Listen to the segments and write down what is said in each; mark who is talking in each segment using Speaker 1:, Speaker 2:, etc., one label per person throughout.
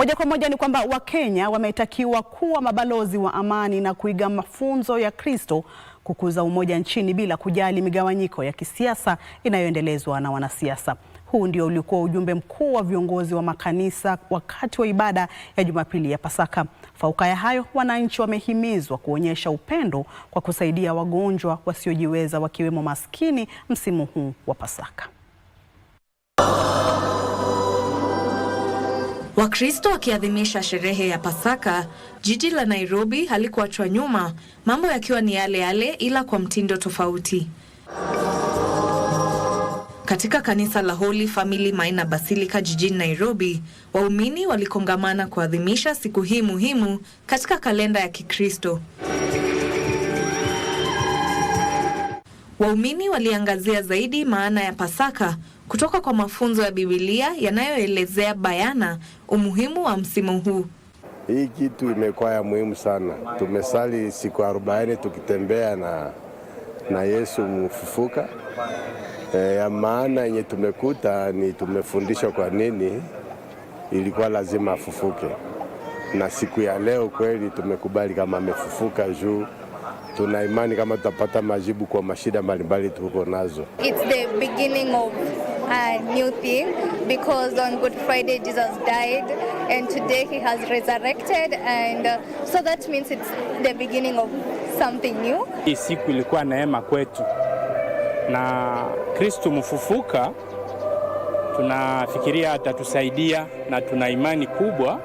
Speaker 1: Moja kwa moja ni kwamba Wakenya wametakiwa kuwa mabalozi wa amani na kuiga mafunzo ya Kristo kukuza umoja nchini bila kujali migawanyiko ya kisiasa inayoendelezwa na wanasiasa. Huu ndio ulikuwa ujumbe mkuu wa viongozi wa makanisa wakati wa ibada ya Jumapili ya Pasaka. Fauka ya hayo, wananchi wamehimizwa kuonyesha upendo kwa kusaidia wagonjwa wasiojiweza wakiwemo maskini msimu huu wa Pasaka.
Speaker 2: Wakristo wakiadhimisha sherehe ya Pasaka, jiji la Nairobi halikuachwa nyuma, mambo yakiwa ni yale yale ila kwa mtindo tofauti. Katika kanisa la Holy Family Maina Basilica jijini Nairobi, waumini walikongamana kuadhimisha siku hii muhimu katika kalenda ya Kikristo. Waumini waliangazia zaidi maana ya Pasaka kutoka kwa mafunzo ya Biblia yanayoelezea bayana umuhimu wa msimu huu.
Speaker 3: Hii kitu imekuwa ya muhimu sana. Tumesali siku arobaini tukitembea na, na Yesu mfufuka. E, maana yenye tumekuta ni tumefundishwa kwa nini ilikuwa lazima afufuke, na siku ya leo kweli tumekubali kama amefufuka juu tuna imani kama tutapata majibu kwa mashida mbalimbali tuko nazo.
Speaker 4: It's the beginning of a new thing because on Good Friday Jesus died and today he has resurrected and uh, so that means it's the beginning of something new.
Speaker 5: Hii siku ilikuwa neema kwetu na Kristo mfufuka tunafikiria atatusaidia na tuna imani kubwa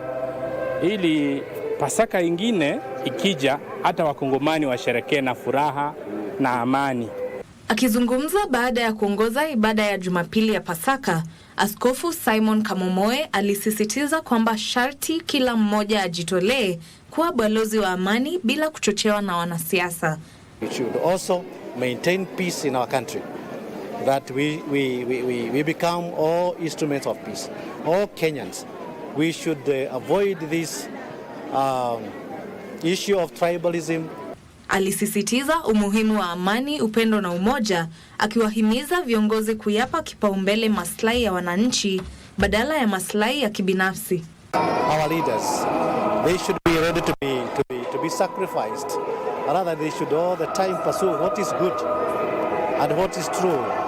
Speaker 5: ili Pasaka ingine ikija hata wakongomani washerekee na furaha na amani.
Speaker 2: Akizungumza baada ya kuongoza ibada ya Jumapili ya Pasaka, Askofu Simon Kamomoe alisisitiza kwamba sharti kila mmoja ajitolee kuwa balozi wa amani bila kuchochewa na wanasiasa.
Speaker 6: We should avoid this um, issue of tribalism.
Speaker 2: Alisisitiza umuhimu wa amani, upendo na umoja, akiwahimiza viongozi kuyapa kipaumbele maslahi ya wananchi badala ya maslahi ya kibinafsi.
Speaker 7: Our leaders, they should be ready to be, to be, to be sacrificed. Rather they should all the time pursue what is good and what is true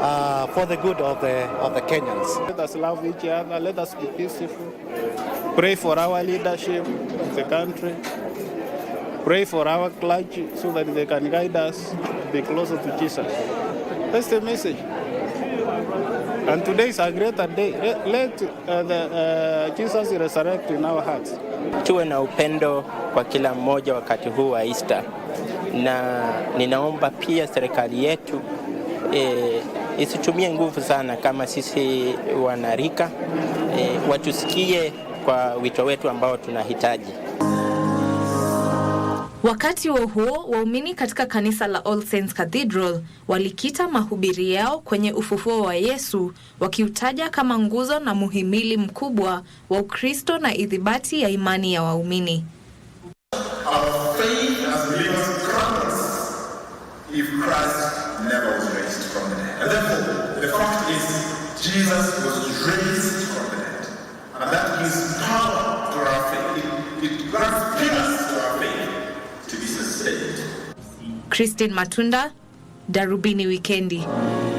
Speaker 7: uh, for the good of the, of the Kenyans.
Speaker 8: Let us love each other, let us be peaceful. Pray for our leadership of the country. Pray for our clergy so that they can guide us to be closer to Jesus. That's the message. And today is a greater day. Let uh, the, uh, Jesus resurrect in our hearts.
Speaker 9: Tuwe na upendo kwa kila mmoja wakati huu wa Easter. Na ninaomba pia serikali yetu e, isitumie nguvu sana kama sisi wanarika e, watusikie kwa wito wetu ambao tunahitaji.
Speaker 2: Wakati huo huo, waumini katika kanisa la All Saints Cathedral walikita mahubiri yao kwenye ufufuo wa Yesu, wakiutaja kama nguzo na muhimili mkubwa wa Ukristo na idhibati ya imani ya waumini.
Speaker 10: Jesus was raised from the dead. And that gives power to our faith. It, it grants pillars to our faith to be sustained.
Speaker 2: Christine Matunda, Darubini Wikendi.